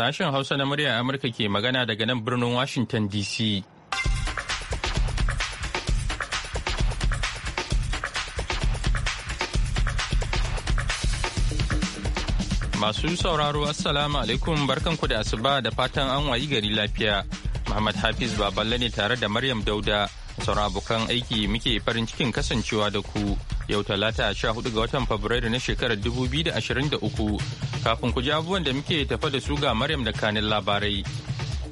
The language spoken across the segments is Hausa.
Sashen Hausa na murya Amurka ke magana daga nan birnin Washington DC. Masu sauraro Assalamu alaikum barkanku da asuba da fatan an wayi gari lafiya. Muhammad Hafiz Baballe ne tare da Maryam Dauda. saura abokan aiki muke farin cikin kasancewa da ku yau talata 14 ga watan Fabrairu na shekarar 2023. Kafin ku ji abubuwan da muke tafa da su ga Maryam da kanin labarai.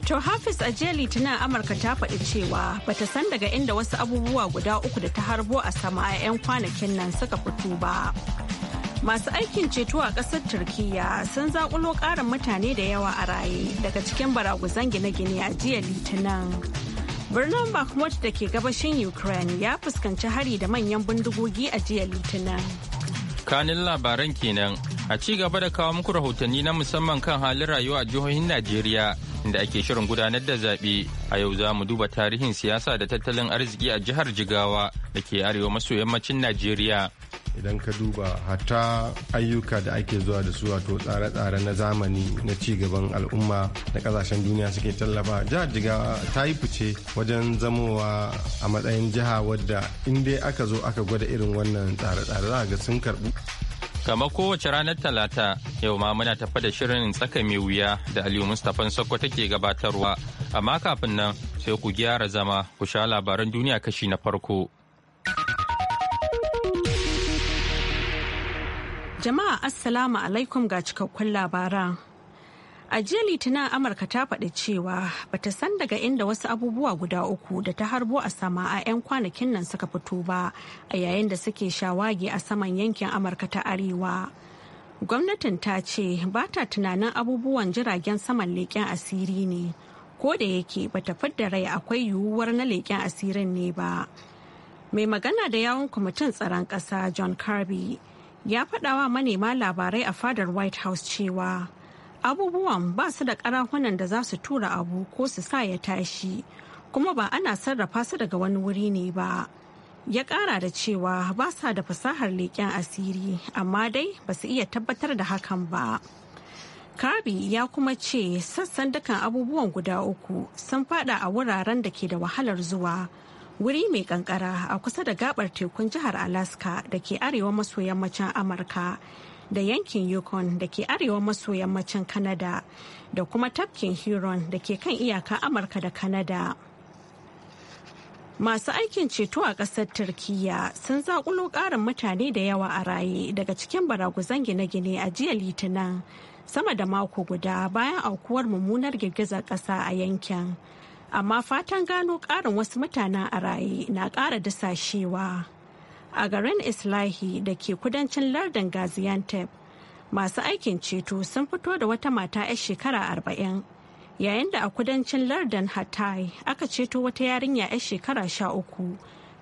To Hafiz a jiya Litinin Amurka ta faɗi cewa bata san daga inda wasu abubuwa guda uku da ta harbo a sama a 'yan kwanakin nan suka fito ba. Masu aikin ceto a ƙasar Turkiyya sun zaƙulo ƙarin mutane da yawa a raye daga cikin baraguzan gine-gine a jiya Litinin. Birnin Bakhmut da ke gabashin Ukraine ya fuskanci hari da manyan bindigogi a jiya Litinin. Kanin labaran kenan A ci gaba da kawo muku rahotanni na musamman kan halin rayuwa a jihohin Najeriya inda ake shirin gudanar da zaɓe. A yau za mu duba tarihin siyasa da tattalin arziki a jihar Jigawa da ke arewa maso yammacin Najeriya. Idan ka duba hata ayyuka da ake zuwa da su wato tsare-tsare na zamani na ci gaban al'umma na kasashen duniya suke tallafa jihar Jigawa ta yi fice wajen zamowa a matsayin jiha wadda in dai aka zo aka gwada irin wannan tsare-tsare za ga sun karɓu. Kama kowace ranar Talata, yau ma muna tafa da shirin tsaka mai wuya da Aliyu Mustapha sakko take gabatarwa, amma kafin nan sai ku gyara zama ku sha labaran duniya kashi na farko. Jama'a Assalamu alaikum ga cikakkun labaran. A jiya Litinin Amurka ta faɗi cewa bata san daga inda wasu abubuwa guda uku da ta harbo a sama a 'yan kwanakin nan suka fito ba a yayin da suke shawagi a saman yankin Amurka ta Arewa. Gwamnatin ta ce ba ta tunanin abubuwan jiragen saman leƙen asiri ne, ko da yake bata fidda rai akwai yiwuwar na leƙen asirin ne ba. Mai magana da yawon kwamitin tsaron ƙasa John Kirby ya faɗawa manema labarai a fadar White House cewa abubuwan ba su da karahunan da za su tura abu ko su sa ya tashi kuma ba ana sarrafa su daga wani wuri ne ba ya kara da cewa ba sa da fasahar leƙen asiri amma dai ba su iya tabbatar da hakan ba kabi ya kuma ce sassan dukan abubuwan guda uku sun fada a wuraren da ke da wahalar zuwa wuri mai kankara a kusa da gabar tekun jihar alaska da ke arewa maso yammacin amurka da yankin yukon da ke arewa maso yammacin kanada da kuma tafkin huron da ke kan iyaka amurka da kanada masu aikin ceto a ƙasar turkiya sun zaƙulo ƙarin mutane da yawa a raye daga cikin baraguzan gine-gine a jiya litinin sama da mako guda bayan aukuwar mummunar girgizar ƙasa a yankin amma fatan gano ƙarin wasu mutanen a raye na ƙara dasashewa. a garin Islahi da ke kudancin lardin Gaziantep. Masu aikin ceto sun fito da wata mata 'yar shekara arba'in. Yayin da a kudancin lardin Hatay aka ceto wata yarinya 'yar shekara sha uku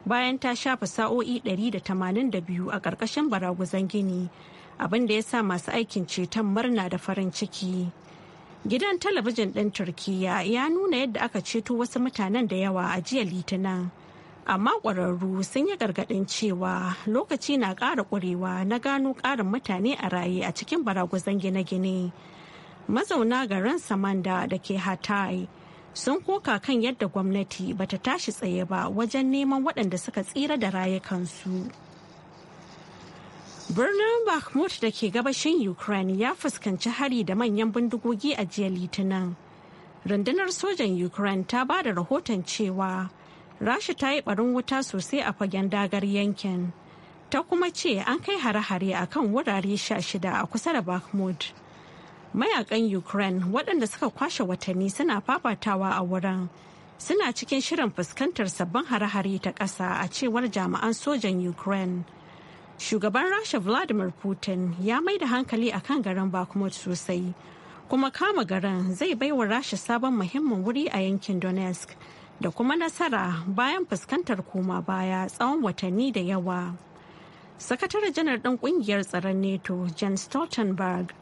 bayan ta shafa sa'o'i biyu a ƙarƙashin baraguzan gini abin da ya sa masu aikin ceton murna da farin ciki. Gidan talabijin ɗin Turkiyya ya nuna yadda aka ceto wasu mutanen da yawa a jiya Litinin. amma ƙwararru sun yi gargaɗin cewa lokaci na ƙara ƙurewa na gano ƙarin mutane a raye a cikin baragwazon gine-gine mazauna garin samanda da ke hatai sun koka kan yadda gwamnati bata tashi tsaye ba wajen neman waɗanda suka tsira da rayukansu. birnin bakhmut da ke gabashin ukraine ya fuskanci hari da manyan bindigogi a jiya litinin rundunar sojan ukraine ta ba da rahoton cewa rasha ta yi barin wuta sosai a fagen dagar yankin ta kuma ce an kai hare-hare a kan wurare sha shida a kusa da bakhmut mayakan ukraine waɗanda suka kwashe watanni suna fafatawa a wurin suna cikin shirin fuskantar sabbin hare-hare ta ƙasa a cewar jami'an sojan ukraine shugaban rasha vladimir putin ya mai da hankali a kan garin bakhmut sosai kuma kama garin zai baiwa rasha sabon muhimmin wuri a yankin donetsk da kuma nasara bayan fuskantar koma baya tsawon watanni da yawa. Sakataren janar ɗin ƙungiyar tsaron NATO, Jan Stoltenberg,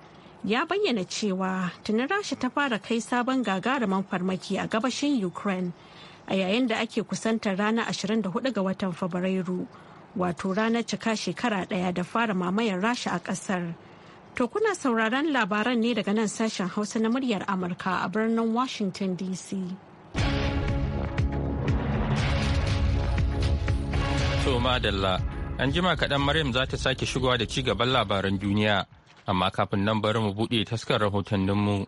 ya bayyana cewa tuni rasha ta fara kai sabon gagarumin farmaki a gabashin Ukraine a yayin da ake kusantar ranar 24 ga watan Fabrairu, wato ranar cika shekara ɗaya da fara mamayar rasha a ƙasar. To kuna sauraron labaran ne daga nan sashen Hausa na muryar Amurka a birnin Washington DC. To madalla, an jima kaɗan Maryam za ta sake shigowa da ci gaban labaran duniya, amma kafin nan bari mu buɗe taskar rahotanninmu.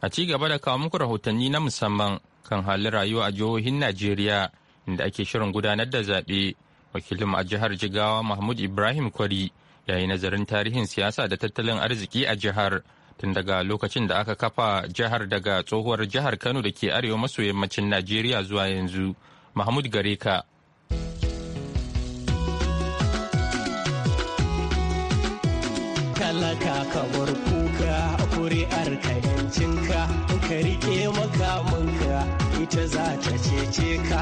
A ci gaba da kawo muku rahotanni na musamman kan halin rayuwa a jihohin Najeriya inda ake shirin gudanar da zaɓe. Wakilin a jihar Jigawa Mahmud Ibrahim Kwari ya yi nazarin tarihin siyasa da tattalin arziki a jihar tun daga lokacin da aka kafa jihar daga tsohuwar jihar Kano da ke arewa maso yammacin Najeriya zuwa yanzu. Mahmud Gareka talaka ka bar kuka kuri'ar ka yancinka ka rike makamanka ita za ta cece ka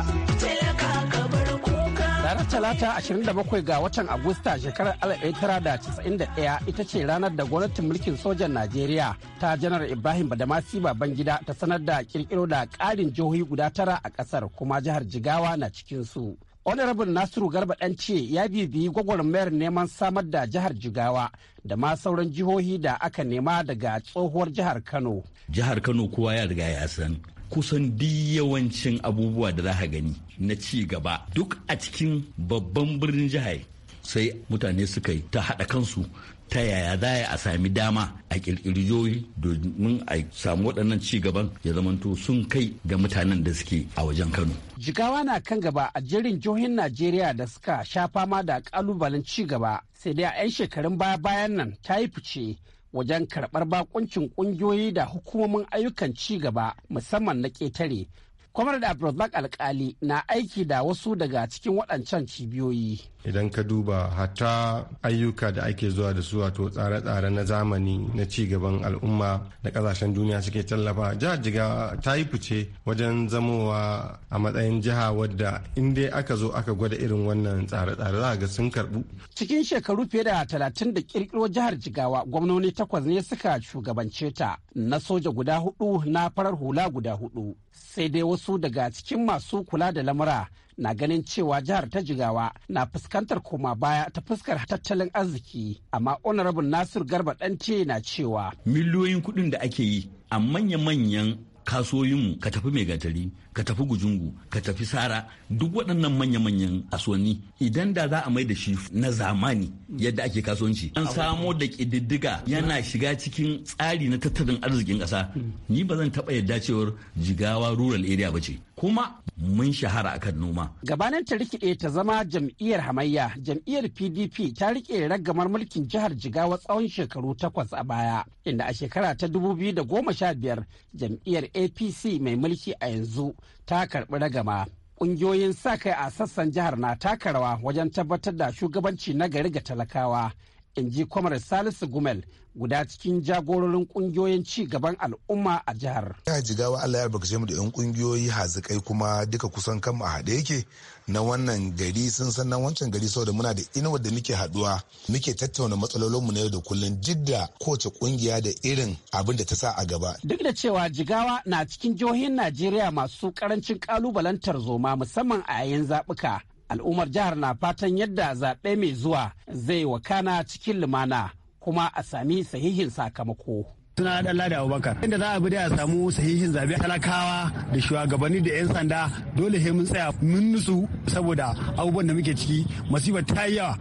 ranar talata 27 ga watan agusta shekarar 1991 ita ce ranar da gwamnatin mulkin sojan najeriya ta janar ibrahim badamasi babangida ta sanar da kirkiro da ƙarin jihohi guda tara a ƙasar kuma jihar jigawa na cikinsu honorable nasiru garba ɗan ce ya bibiyi gwagwarmayar neman samar da jihar jigawa da ma sauran jihohi da aka nema daga tsohuwar jihar kano jihar kano kowa ya riga ya san kusan duk yawancin abubuwa da za gani na ci gaba duk a cikin babban birnin jihar sai mutane suka yi ta haɗa kansu ta yaya za a sami dama a yoyi domin a samu waɗannan cigaban gaban ya zamanto sun kai ga mutanen da suke a wajen kano jigawa na kan gaba a jirin jihohin najeriya da suka sha fama da kalubalen ci gaba sai dai a 'yan shekarun baya bayan nan ta yi fice wajen karɓar bakuncin ƙungiyoyi da hukumomin ayyukan cigaba musamman na ƙetare kwamar da abdulbak alkali na aiki da wasu daga cikin waɗancan cibiyoyi idan ka duba hatta ayyuka da ake zuwa da su wato tsare-tsare na zamani na ci gaban al'umma da kasashen duniya suke tallafa jihar jiga ta yi fice wajen zamowa a matsayin jiha wadda in dai aka zo aka gwada irin wannan tsare-tsare za ga sun karbu cikin shekaru fiye da talatin da kirkiro jihar jigawa gwamnoni takwas ne suka shugabance ta na soja guda hudu na farar hula guda hudu sai dai wasu daga cikin masu kula da lamura na ganin cewa jihar ta jigawa na fuskantar koma baya ta fuskar tattalin arziki amma honorable nasir garba dance na cewa miliyoyin kuɗin da ake yi a manya-manyan kasoyinmu ka tafi mai gatari ka tafi gujungu ka tafi sara duk waɗannan manya-manyan asoni idan da za a mai da shi na zamani yadda ake kasuwanci an samo da ƙididdiga yana shiga cikin tsari na tattalin arzikin ƙasa ni ba zan taɓa yadda cewar jigawa rural area ba ce kuma mun shahara akan noma. Gabanin ta rikide ta zama jam'iyyar hamayya, jam'iyyar PDP ta rike ragamar mulkin jihar Jigawa tsawon shekaru takwas a baya, inda a shekara ta 2015 jam'iyyar APC mai mulki a yanzu ta karɓi ragama ƙungiyoyin sa kai a sassan jihar na taka rawa wajen tabbatar da shugabanci na gari ga talakawa in ji kwamar salisu gumel guda cikin jagororin kungiyoyin ci gaban al'umma a jihar. Ya jigawa Allah ya baka mu da 'yan kungiyoyi hazikai kuma duka kusan kanmu a haɗe yake na wannan gari sun san nan wancan gari saboda muna da inuwar da muke haɗuwa muke tattauna matsalolin mu na yau da kullum duk da kowace kungiya da irin abin da ta sa a gaba. Duk da cewa jigawa na cikin jihohin Najeriya masu karancin kalubalantar zoma musamman a yayin zaɓuka al'ummar jihar na fatan yadda zaɓe mai zuwa zai wakana cikin lumana kuma a sami sahihin sakamako. suna da Allah da Abubakar inda za a bi da a samu sahihin zabe talakawa da shugabanni da 'yan sanda dole he mun tsaya mun nutsu saboda abubuwan da muke ciki masifar ta yawa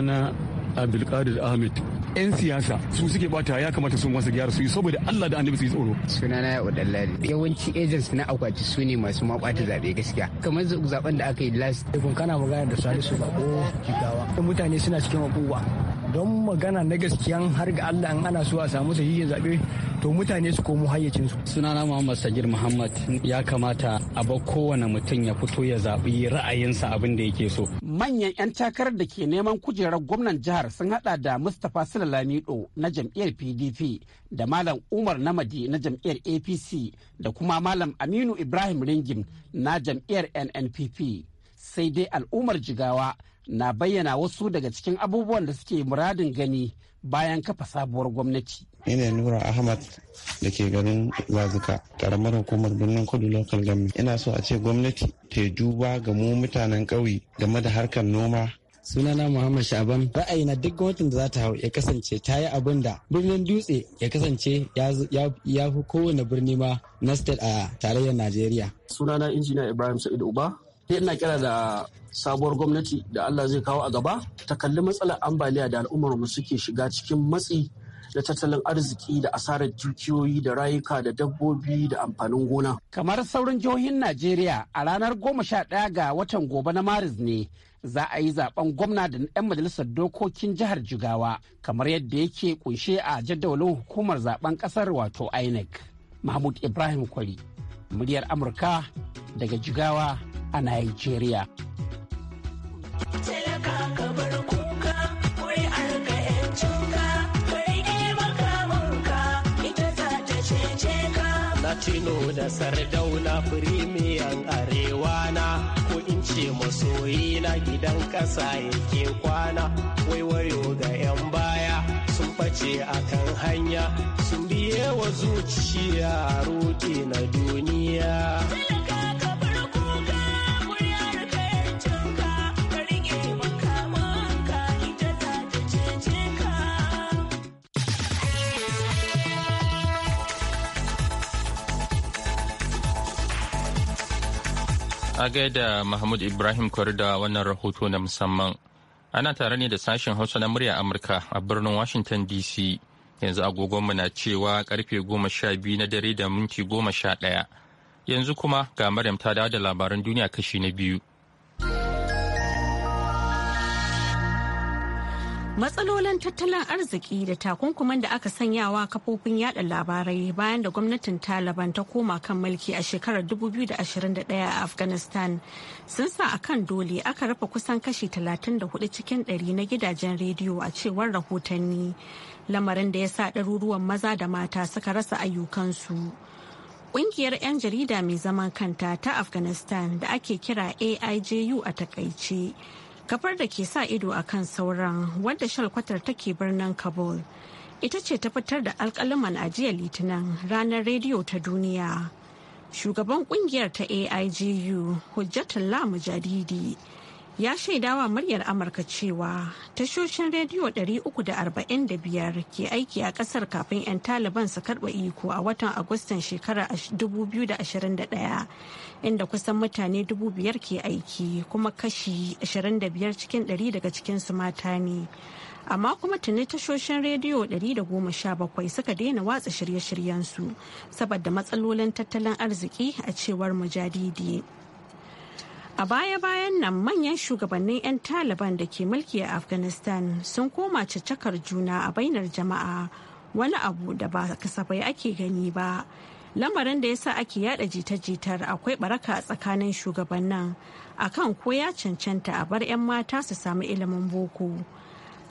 na abdulkadir ahmed yan siyasa su suke bata ya kamata su masu gyara su yi saboda allah da annabi su yi tsoro sunana ya udallari yawanci agents na akwati su ne masu makwata zaɓe gaskiya kamar zaben da aka yi last eh, kun kana magana da salisu ba ko jigawa mutane suna cikin abubuwa don magana na gaskiya har ga Allah an ana so a samu sahihin zaɓe to mutane su komo hayyacinsu. Sunana Muhammad Sagir Muhammad ya kamata a bar kowane mutum ya fito ya zaɓi ra'ayinsa abin da yake so. manyan 'yan takarar da ke neman kujerar gwamnan jihar sun hada da mustapha silalamido na jam'iyyar pdp da malam umar namadi na jam'iyyar apc da kuma malam aminu ibrahim ringim na jam'iyyar nnpp sai dai al'ummar jigawa na bayyana wasu daga cikin abubuwan da suke muradin gani bayan kafa sabuwar gwamnati ni nura ahmad da ke garin lazuka karamar hukumar birnin kudu Lokal government ina so a ce gwamnati ta duba ga mu mutanen ƙauye game da harkar noma sunana Muhammad Shaban ra'ayi na duk gwamnatin da za ta hau ya kasance ta yi abin da birnin dutse ya kasance ya fi kowane birni ma na state a tarayyar Najeriya. Sunana injiniya Ibrahim Sa'id Uba sai ina kira da sabuwar gwamnati da Allah zai kawo a gaba ta kalli matsalar ambaliya da al'ummar mu suke shiga cikin matsi da tattalin arziki da asarar dukiyoyi da rayuka da dabbobi da amfanin gona. Kamar sauran jihohin Najeriya a ranar goma sha ɗaya ga watan gobe na Maris ne za a yi zaben gwamna da 'yan majalisar dokokin jihar Jigawa kamar yadda yake kunshe a jadawalin hukumar zaben kasar wato INEC. Mahmud Ibrahim Kwari, muryar Amurka daga Jigawa a Najeriya. tino da Sardauna firimiyan arewa na ko in ce masoyi na gidan ƙasa yake kwana waiwayo ga 'yan baya sun ɓace a kan hanya sun biye wa zuciya roƙe na duniya. A gaida Mahmud Ibrahim Kwari da wannan rahoto na musamman. Ana tare ne da sashen Hausa na murya Amurka a birnin Washington DC. Yanzu agogonmu na cewa karfe goma sha biyu na dare da minti goma sha ɗaya. Yanzu kuma ga Maryam ta dawo da labaran duniya kashi na biyu. matsalolin tattalin arziki da takunkuman da aka sanyawa kafofin yada labarai bayan da gwamnatin taliban ta koma kan mulki a shekarar 2021 a afghanistan sun sa a kan dole aka rufe kusan kashi 34 cikin 100 na gidajen rediyo a cewar rahotanni lamarin da ya sa ɗaruruwan maza da mata suka rasa ayyukansu Ƙungiyar 'yan jarida mai zaman kanta ta afghanistan da ake kira aiju a takaice kafar da ke sa ido a kan sauran wadda shalkwatar take birnin kabul ita ce ta fitar da alkaliman ajiyar litinin ranar rediyo ta duniya shugaban kungiyar ta aigu hujjatullah mujadidi ya shaida wa muryar amurka cewa tashoshin rediyo 345 ke aiki a kasar kafin 'yan taliban su karba iko a watan agustan shekarar 2021 inda kusan mutane 5,000 ke aiki kuma kashi 25 cikin 100 daga cikin su mata ne amma kuma tuni tashoshin rediyo 117 suka daina watsa shirye-shiryensu saboda matsalolin tattalin arziki a cewar mujadidi. A baya-bayan nan manyan shugabannin 'yan Taliban da ke mulki a Afghanistan sun koma caccakar juna a bainar jama'a wani abu da ba kasafai ake gani ba. Lamarin da yasa ake yada jita-jitar akwai baraka a tsakanin shugabannin akan ko ya cancanta a bar 'yan mata su samu ilimin boko.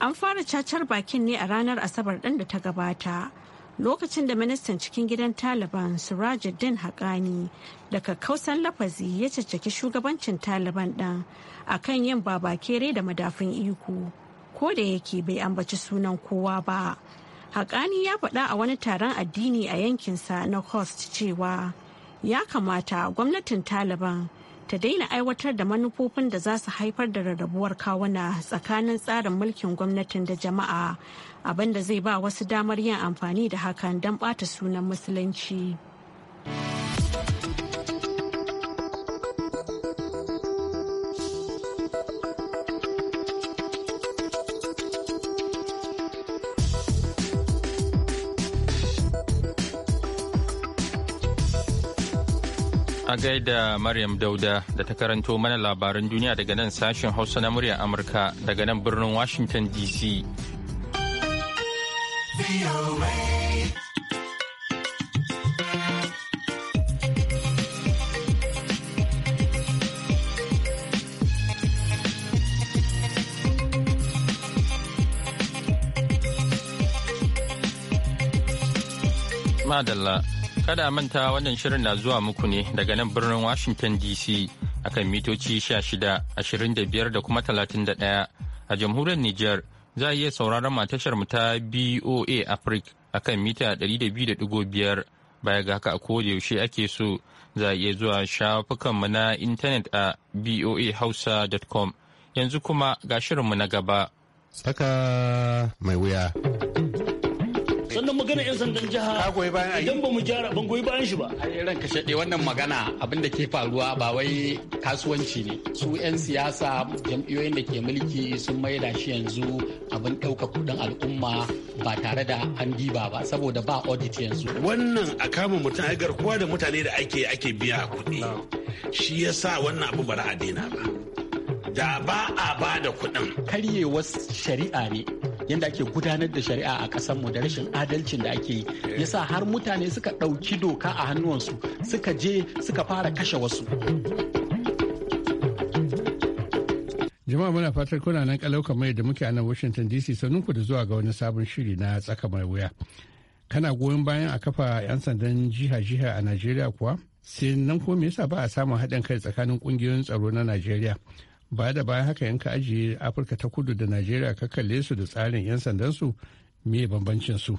An fara cacar bakin ne a ranar Asabar ɗin da ta gabata. lokacin da ministan cikin gidan taliban sirajuddin haƙani daga kausan lafazi ya caccaki shugabancin taliban ɗin akan yin babakere da madafin iko ko da yake bai ambaci sunan kowa ba haƙani ya faɗa a wani taron addini a yankinsa na host cewa ya kamata gwamnatin taliban ta daina aiwatar da manufofin da za su haifar da rarrabuwar kawuna tsakanin tsarin mulkin gwamnatin da jama'a abinda zai ba wasu damar yin amfani da hakan don ɓata sunan musulunci. A gaida Maryam Dauda da ta karanto mana labaran duniya daga nan sashen Hausa na murya Amurka daga nan birnin Washington DC. Madalla kada manta wannan shirin na zuwa muku ne daga nan birnin Washington DC akan mitoci 16, 25 da kuma 31 a jamhuriyar Nijar za a iya sauraron matashar mu ta BOA Africa akan mita 200.5 baya ga haka a yaushe ake so za a iya zuwa shafukanmu na intanet a boahausa.com yanzu kuma ga shirinmu na gaba. Saka mai wuya. sannan magana yan sandan jiha idan ba mu gyara ban goyi bayan shi ba ran ranka shaɗe wannan magana abin da ke faruwa ba wai kasuwanci ne su yan siyasa jam'iyyoyin da ke mulki sun maida shi yanzu abin ɗauka kuɗin al'umma ba tare da an diba ba saboda ba audit yanzu wannan a kama mutum ai garkuwa da mutane da ake ake biya kuɗi shi yasa wannan abu ba a daina ba da ba a ba da kuɗin karyewar shari'a ne yadda ake gudanar da shari'a a ƙasar mu da rashin adalcin da ake yi yasa har mutane suka ɗauki doka a hannuwansu suka je suka fara kashe wasu jama'a muna fatan kuna nan kalau kamar da muke a nan washington dc sanin ku da zuwa ga wani sabon shiri na tsaka mai wuya kana goyon bayan a kafa 'yan sandan jiha-jiha a najeriya kuwa sai nan ko me yasa ba a samun haɗin kai tsakanin ƙungiyoyin tsaro na najeriya ba da baya haka in ka ajiye afirka ta kudu da najeriya ka kalle su da tsarin 'yan sandansu me bambancin su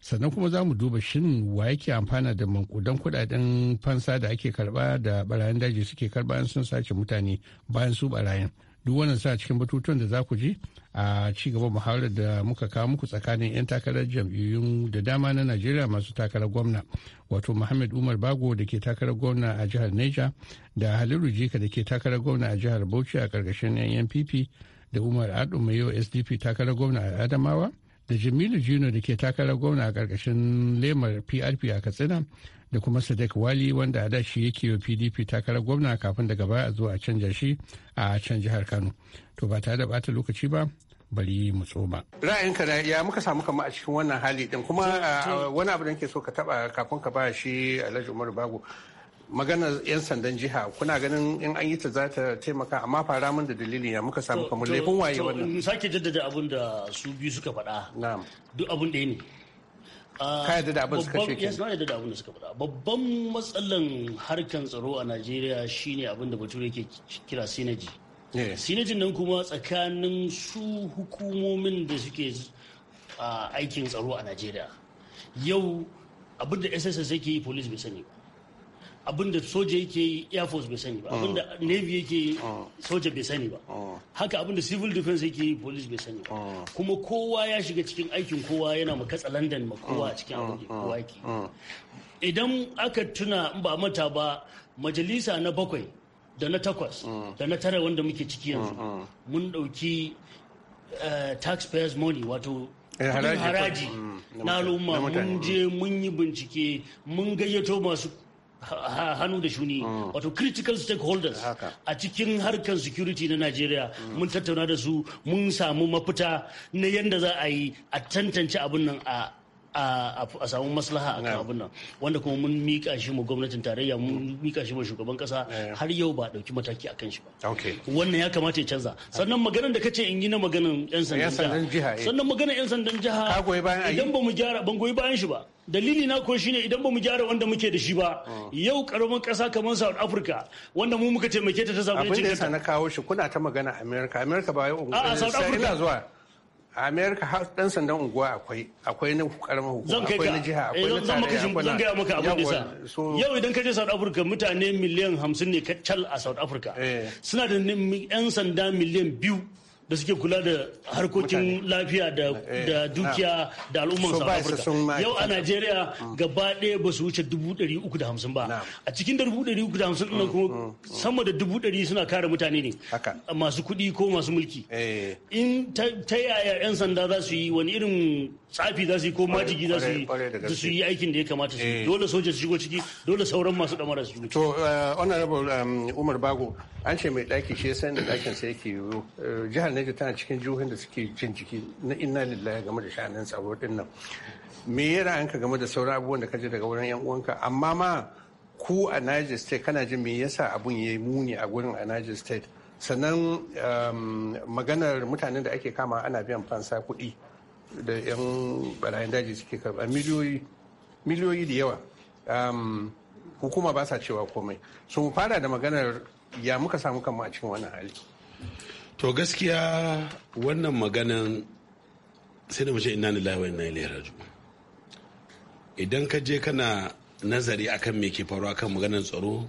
sannan kuma za mu duba shin wa yake amfana da mankudan kudaden fansa da ake karba da barayin daji suke karba sun sace mutane bayan su barayin duk wannan sa cikin batutuwan da za ku ji a ci gaba muhawarar da muka kawo muku tsakanin 'yan takarar jam'iyyun da dama na najeriya masu takarar gwamna wato muhammad umar bago da ke takarar gwamna a jihar neja da haliru jika da ke takarar gwamna a jihar bauchi a karkashin nnpp da umar adu mayo sdp takarar gwamna a adamawa da jamilu jino da ke takarar gwamna a karkashin lemar prp a katsina da kuma sadek wali wanda a dashi yake wa pdp takarar gwamna kafin daga baya a zo a canja shi a can jihar kano to ba tare da bata lokaci ba bari mu tsoma. ra'ayinka da ya muka samu kama a cikin wannan hali din kuma wani abu da ke so ka taba kafin ka ba shi alhaji umar bago magana 'yan sandan jiha kuna ganin in an yi ta za ta taimaka amma fara min da dalilin ya muka samu kamar laifin waye wannan. sake jaddada abun da su biyu suka faɗa duk abun da ne ka yadda da abin suka ce ke na yadda da abin da suka faɗa babban matsalan harkan tsaro a Najeriya shine abin da bature ke kira sinaji sinajin nan kuma tsakanin su hukumomin da suke aikin tsaro a Najeriya yau abin da SSS yake yi police bai sani ba da soja yake yi air force bai sani ba ah. abinda navy yake yi ah. soja bai sani ba ah. haka abinda civil defense yake yi police bai sani ba kuma kowa ya shiga cikin aikin kowa yana katsa london ma kowa a cikin abin kowa yake idan aka tuna ba mata ba majalisa na bakwai da na takwas da na tara wanda muke ciki yanzu mun ɗauki eh, taxpayers money wato eh, haraji mm. na al'umma mun je mun yi bincike mun gayyato masu hannu da shuni hmm. wato critical stakeholders a cikin harkar security na Najeriya hmm. mun tattauna da su mun samu mafita na yadda za a yi a tantance abin nan a a samu maslaha a kan abin nan wanda kuma mun mika shi mu gwamnatin tarayya mun hmm. mika shi mu shugaban kasa har yau ba dauki mataki akan shi ba wannan ya kamata ya canza ah. sannan maganar da kace in yi na maganar yan sandan jiha eh. sannan maganar yan sandan jiha idan ba mu gyara ban goyi bayan shi ba dalili na ko shine idan ba mu gyara wanda muke da shi ba yau karamin kasa kamar South Africa wanda mu muka taimake ta ta samu yancin kanta abin da na kawo shi kuna ta magana America America ba yau a South Africa zuwa a america har dan sandan unguwa akwai akwai na karamin hukuma akwai na jiha akwai eh, na tare akwai na gaya maka abin da yau idan ka je south africa mutane miliyan hamsin ne kacal a south africa eh. suna da yan sanda miliyan biyu da suke kula da harkokin lafiya da eh, dukiya da al'umman South Africa. Yau a Najeriya mm. gaba ɗaya ba su wuce dubu ɗari uku da hamsin ba. A cikin dubu ɗari uku da hamsin ɗin mm, kuma mm, sama da dubu ɗari suna kare mutane ne. Masu kuɗi ko masu mulki. Eh. In ta yaya 'yan sanda za su yi wani irin tsafi za su yi ko majigi za su yi aikin da ya kamata su yi eh. dole soja su shigo ciki dole sauran masu damara su to honorable um, umar bago an ce mai daki shi san da ɗakin sai yake yiwu jihar Niger tana cikin juhun da suke jin jiki na inna lillahi game da sha'anin tsaro din nan me ya ka game da sauran abubuwan da kaje daga wurin yan uwanka amma ma ku a Niger state kana jin me yasa abun yayi muni a gurin a Niger state sannan um, maganar mutanen da ake kama ana biyan fansa kuɗi da yan barayin daji suke karɓa miliyoyi miliyoyi da yawa um, hukuma ba sa cewa komai so fara da maganar ya muka samu kanmu a cikin wannan hali to gaskiya wannan maganan sai da mace ina ni wa inna ilaihi raji'un idan ka je kana nazari akan me ke faruwa kan maganar tsaro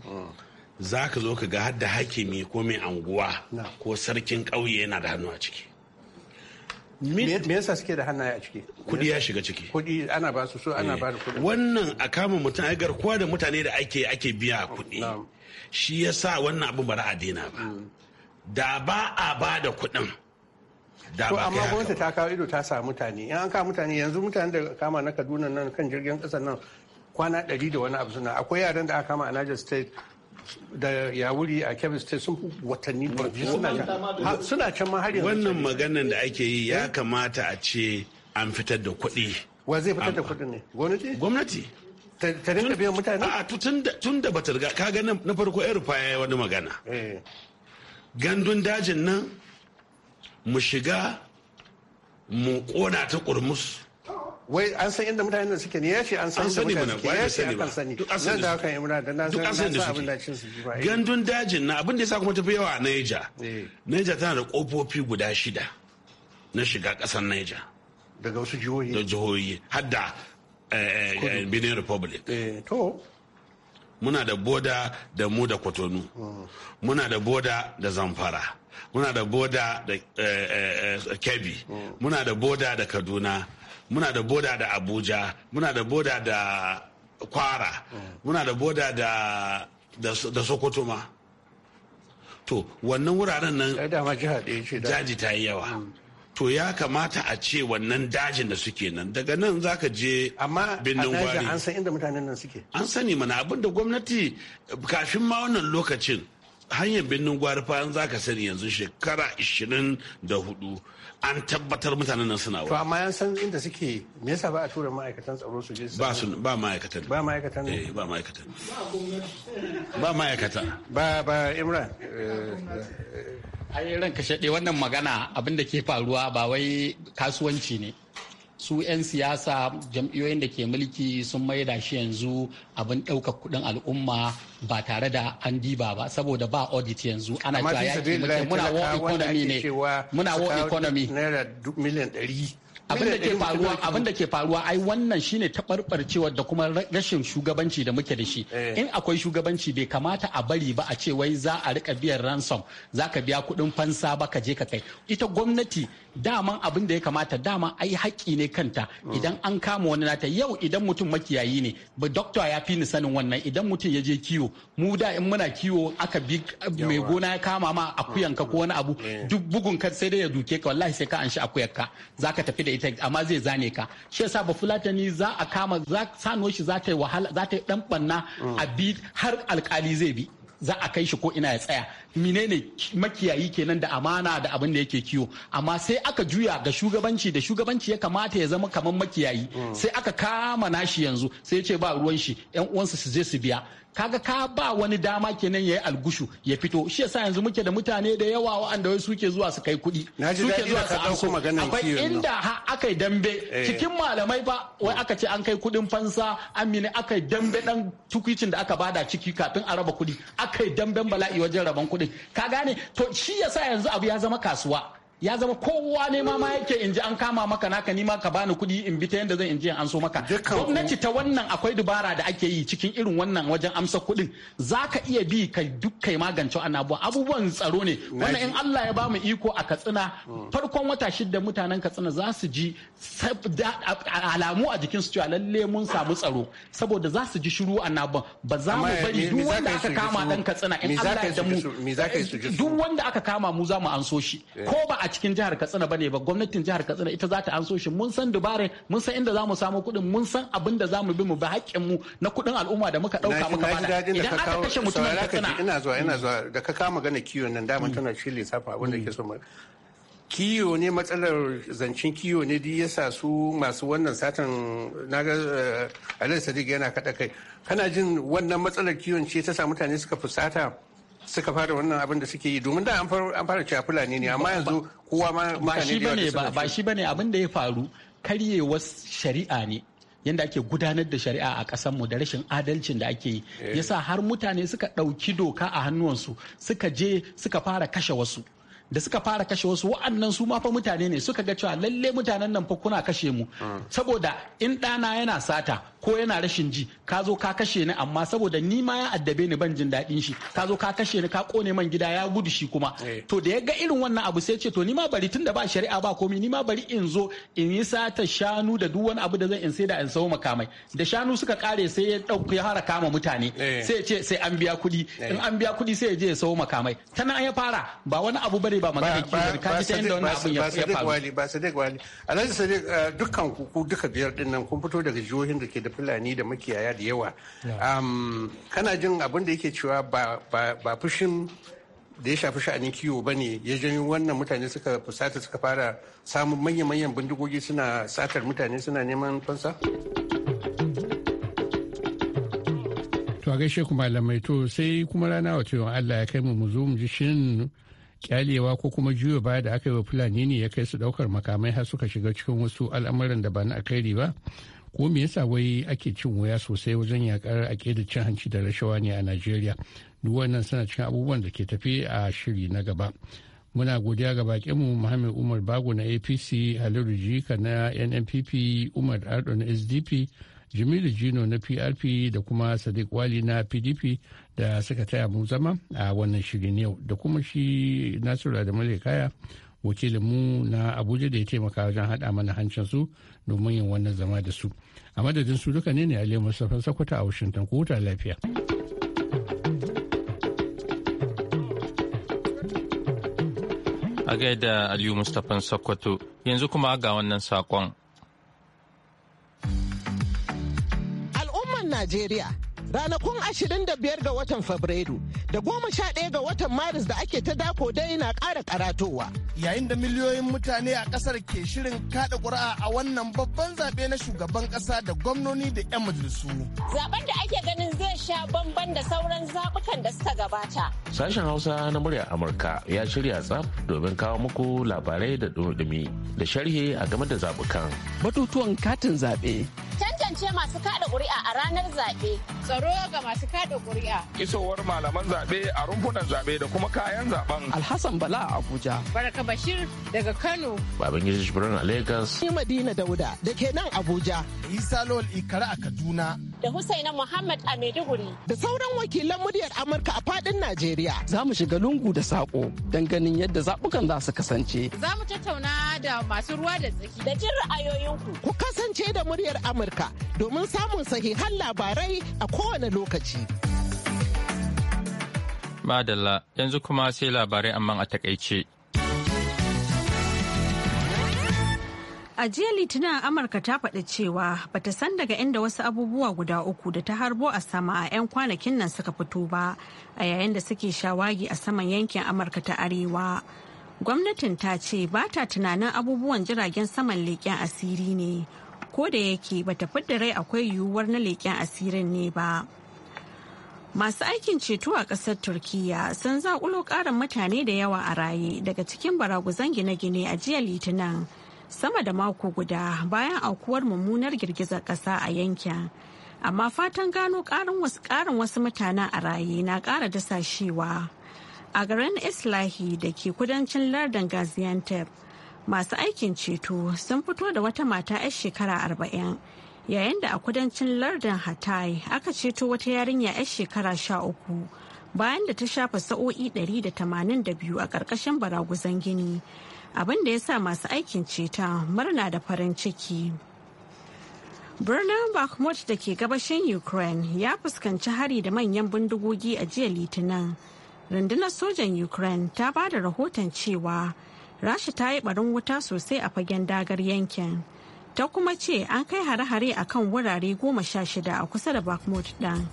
za ka zo ka ga har hakimi ko mai anguwa ko sarkin ƙauye yana da hannu a ciki me yasa suke da hannaye a ciki kudi ya shiga ciki kudi ana ba su so ana eh. ba da kudi wannan a kama mutum ai garkuwa da mutane da ake ake biya kudi shi yasa wannan abin bara a daina ba mm. da ba a ba da kuɗin da ba amma gwamnati ta kawo ido ta sa mutane in an kawo mutane yanzu mutane da kama na kaduna nan kan jirgin ƙasar nan kwana ɗari da wani abu suna akwai yaran da aka kama a niger state da wuri a kebbi state sun fi watanni suna can ma har yanzu wannan maganan da ake yi ya eh? kamata a ce an fitar da kuɗi wa zai fitar da kuɗi ne gwamnati gwamnati ta rinka biyan mutane a tun da bata riga ganin na farko yan rufa ya yi wani magana eh. gandun dajin nan mu shiga mu kona ta kurmus wai an san inda mutanen suke ne ya ce an san inda mutane suke ya ce an sani nan da aka yi muna da na san abin da cin su ba eh. gandun dajin na abin da ya sa kuma tafi yawa a Niger eh. Niger tana da kofofi guda shida na shiga kasar Niger daga wasu jihohi da jihohi hadda eh, Benin Republic to muna da boda da mu da kwatonu mm. muna da boda da zamfara muna da boda da eh, eh, eh, kebbi mm. muna da boda da kaduna muna da boda da abuja muna da boda da kwara mm. muna da boda da sokoto ma to wannan wuraren nan jaji ta yi yawa to ya kamata a ce wannan dajin da suke nan daga nan za ka je amma birnin gwari an san inda mutanen nan suke an sani mana abin da gwamnati kafin ma wannan lokacin hanyar birnin gwari fa za ka sani yanzu shekara 24 an tabbatar mutanen nan suna to amma yan san inda suke me yasa ba a tura ma'aikatan tsaro su je ba su ba ma'aikatan ba ma'aikatan eh ba ma'aikatan ba ma'aikata ba ba Imran eh, eh, ai ranka shaɗe wannan magana abin da ke faruwa ba wai kasuwanci ne su 'yan siyasa jam'iyyoyin da ke mulki sun da shi yanzu abin ɗauka kuɗin al'umma ba tare da an diba ba saboda ba audit yanzu ana cewa ya muna war economy ne muna war economy miliyan ɗari abin da ke faruwa ai wannan shine taɓarɓarcewar da kuma rashin shugabanci da muke da shi eh. in akwai shugabanci bai kamata a bari ba a ce wai za a rika biyan ransom za ka biya kuɗin fansa ba ka je ka kai ita gwamnati daman abin da ya kamata daman ai haƙƙi ne kanta idan an kama wani nata yau idan mutum makiyayi ne ba dokta ya fi ni sanin wannan idan mutum ya je kiwo mu da in muna kiwo aka bi mai gona ya kama ma akuyan ka ko wani abu eh. duk bugun ka sai dai ya duke ka wallahi sai ka anshi akuyar ka zaka tafi da ita amma zai zane ka shi yasa ba fulatani za a kama za sanuwar shi za ta yi wahala za ta yi dan banna mm. a bi har alkali zai bi za a kai shi ko ina ya tsaya menene makiyayi kenan da amana da abin da yake kiwo amma sai aka juya ga shugabanci da shugabanci ya kamata ya zama kamar makiyayi mm. sai aka kama nashi yanzu sai ya ce ba ruwan shi yan uwansa su je su biya kaga ka ba wani dama kenan yayi algushu ya fito shi yasa yanzu muke da mutane da yawa waɗanda wai suke zuwa su kai kuɗi suke zuwa su anso akwai inda ha aka yi dambe eh. cikin malamai ba wai aka ce an kai kuɗin fansa amini aka yi dambe dan tukwicin da aka bada ciki kafin a raba kuɗi aka yi damben bala'i wajen raban kuɗin ka gane to shi yasa yanzu abu ya zama kasuwa ya zama kowa ne ma yake in ji an kama maka naka ni ma ka bani kuɗi in bi ta yanda zan in ji an so maka gwamnati ta wannan akwai dubara da ake yi cikin irin wannan wajen amsa kuɗin za ka iya bi ka duk kai magance abubuwan abubuwan tsaro ne wannan in Allah ya ba mu iko a Katsina hmm. farkon wata shida mutanen Katsina za su ji alamu a jikin su cewa lalle mun samu tsaro saboda za su ji shiru annabin ba za mu bari duk wanda aka kama dan Katsina in Allah ya da mu duk wanda aka kama mu za mu anso shi eh. ko ba a cikin jihar katsina bane ba gwamnatin jihar katsina ita za ta anso shi mun san dubare mun san inda zamu samu kuɗin mun san abin da zamu bi mu bi haƙƙin mu na kuɗin al'umma da muka ɗauka muka bada idan aka kashe mutumin katsina ina zuwa ina mm. zuwa da ka kama gana kiwon nan dama mm. tana shi lissafa abin da mm. ke so kiyo ne matsalar zancen kiyo ne duk yasa su masu wannan satan naga eh, Alhaji sadiq yana kaɗa kai kana jin wannan matsalar kiyon ce ta sa mutane suka fusata suka fara wannan abin da suke yi domin da an fara cewa fulani ne amma yanzu kowa ma ba shi bane ba shi bane abin da ya faru karyewar shari'a ne yadda ake gudanar da shari'a a ƙasar mu da rashin adalcin da ake yi eh. yasa har mutane suka ɗauki doka a hannuwansu suka je suka fara kashe wasu da suka fara kashe wasu wa'annan su ma fa mutane ne suka ga cewa lalle mutanen nan fa kuna kashe mu hmm. saboda in ɗana yana sata ko yana rashin ji ka zo ka kashe ni amma saboda ni ma ya addabe ni ban jin daɗin shi ka zo ka kashe ni ka kone man gida ya gudu shi kuma eh. to da ya ga irin wannan abu sai ce to ni ma bari tunda ba shari'a ba komai ni ma bari in zo in yi sata shanu da duk wani abu da zan in sai da in sayo makamai da shanu suka kare sai ya dauki ya fara kama mutane eh. sai ce sai an biya kuɗi eh. in an biya kuɗi sai ya je ya sayo makamai ta nan ya fara ba wani abu bare ba magana ki ka ji ta inda wannan abu ya faru ba sadiq wali alhaji sadiq dukkan ku duka biyar din nan kun fito daga jihohin da ke da fulani da makiyaya da yawa um, kana jin abin da yake cewa ba fushin da ya shafi sha'anin kiwo ba ne ya janyo wannan mutane suka fusata suka fara samun manya-manyan bindigogi suna satar mutane suna neman fansa? to a gaishe kuma malamai to sai kuma rana wato yawan allah ya kai mu mu zo mu ji shin kyalewa ko kuma juyo baya da aka yi wa fulani ne ya kai su daukar makamai har suka shiga cikin wasu al'amuran da ba na akairi ba ko me yasa wai ake cin wuya sosai wajen yakar da cin hanci da rashawa ne a najeriya duk wannan suna cikin abubuwan da ke tafi a shiri na gaba muna godiya ga bakinmu muhammed umar bago na apc haliru jika na nnpp umar ardo na sdp jimilu jino na prp da kuma sadiq wali na pdp da suka taya mu zama a wannan shiri yau da kuma shi nasiru da kaya wakilinmu na abuja da ya taimaka wajen haɗa mana hancin su domin yin wannan zama da su a madadin su duka ne ne lemun mustapha sakwata a washington ko lafiya a gaida aliyu mustapha sokoto yanzu kuma ga wannan saƙon al'ummar najeriya ranakun 25 ga watan fabrairu da 11 ga watan maris da ake ta dako dai na ƙara karatowa yayin da miliyoyin mutane a ƙasar ke shirin kada ƙuri'a a wannan babban zaɓe na shugaban ƙasa da gwamnoni da 'yan majalisu Zaɓen da ake ganin zai sha bamban da sauran zaɓukan da suka gabata sashen hausa na murya amurka ya shirya tsaf domin kawo muku labarai da dumi da sharhi a game da zaɓukan batutuwan katin zaɓe magance masu kada ƙuri'a a ranar zaɓe. Tsaro ga masu kada ƙuri'a. Isowar malaman zaɓe a rumfunan zaɓe da kuma kayan zaɓen. Alhassan Bala a Abuja. Baraka Bashir daga Kano. Babangiji Shibirin a Lagos. Ni Madina Dauda da ke nan Abuja. Isa Lol Ikara a Kaduna. da Husaina Muhammad a Maiduguri. Da sauran wakilan muryar Amurka a fadin Najeriya. Za mu shiga lungu da saƙo don ganin yadda zaɓukan za su kasance. Za mu tattauna da masu ruwa da tsaki. Da jin ra'ayoyinku. Ku kasance da muryar Amurka domin samun sahihan labarai a kowane lokaci. Madalla yanzu kuma sai labarai amma a takaice. A jiya Litinin Amurka ta faɗi cewa bata san daga inda wasu abubuwa guda uku da ta harbo a sama a 'yan kwanakin nan suka fito ba a yayin da suke shawagi a saman yankin Amurka ta Arewa. Gwamnatin ta ce ba ta tunanin abubuwan jiragen saman leƙen asiri ne, ko da yake bata fidda rai akwai yiwuwar na leƙen asirin ne ba. Masu aikin ceto a ƙasar Turkiyya sun zaƙulo ƙarin mutane da yawa a raye daga cikin baraguzan gine-gine a jiya Litinin. sama da mako guda bayan aukuwar mummunar girgizar ƙasa a yankin. Amma fatan gano karin wasu karin wasu mutanen a raye na ƙara dasashewa. A garin Islahi da ke kudancin lardin Gaziantep, masu aikin ceto sun fito da wata mata 'yar shekara arba'in. yayin da a kudancin lardin hatay aka ceto wata yarinya 'yar shekara sha uku bayan da ta shafa sa'o'i 182 a ƙarƙashin baraguzan gini abin da ya sa masu aikin ceta murna da farin ciki. Birnin Bakhmut da ke gabashin Ukraine ya fuskanci hari da manyan bindigogi a jiya Litinin. Rundunar sojan Ukraine ta ba da rahoton cewa Rasha ta yi barin wuta sosai a fagen dagar yankin. Ta kuma ce an kai hare-hare a kan wurare goma sha shida a kusa da Bakhmut ɗin.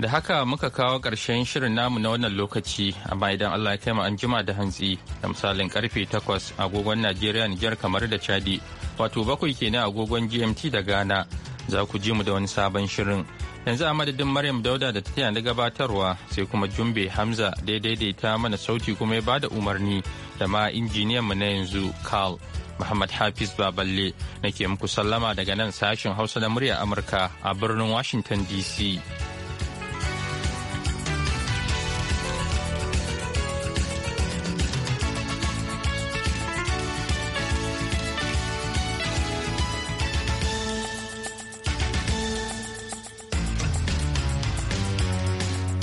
Da haka muka kawo ƙarshen shirin namu na wannan lokaci, amma idan Allah ya kai an jima da hantsi da misalin karfe 8 agogon Najeriya Nijar kamar da Chadi, wato bakwai kenan agogon GMT da Ghana. Za ku ji mu da wani sabon shirin. Yanzu a madadin Maryam Dauda da ta na gabatarwa sai kuma Jumbe Hamza da daidaita mana sauti kuma ya ba da umarni da ma injiniyan mu na yanzu Carl Muhammad Hafiz Baballe nake muku sallama daga nan sashen Hausa na murya Amurka a birnin Washington DC.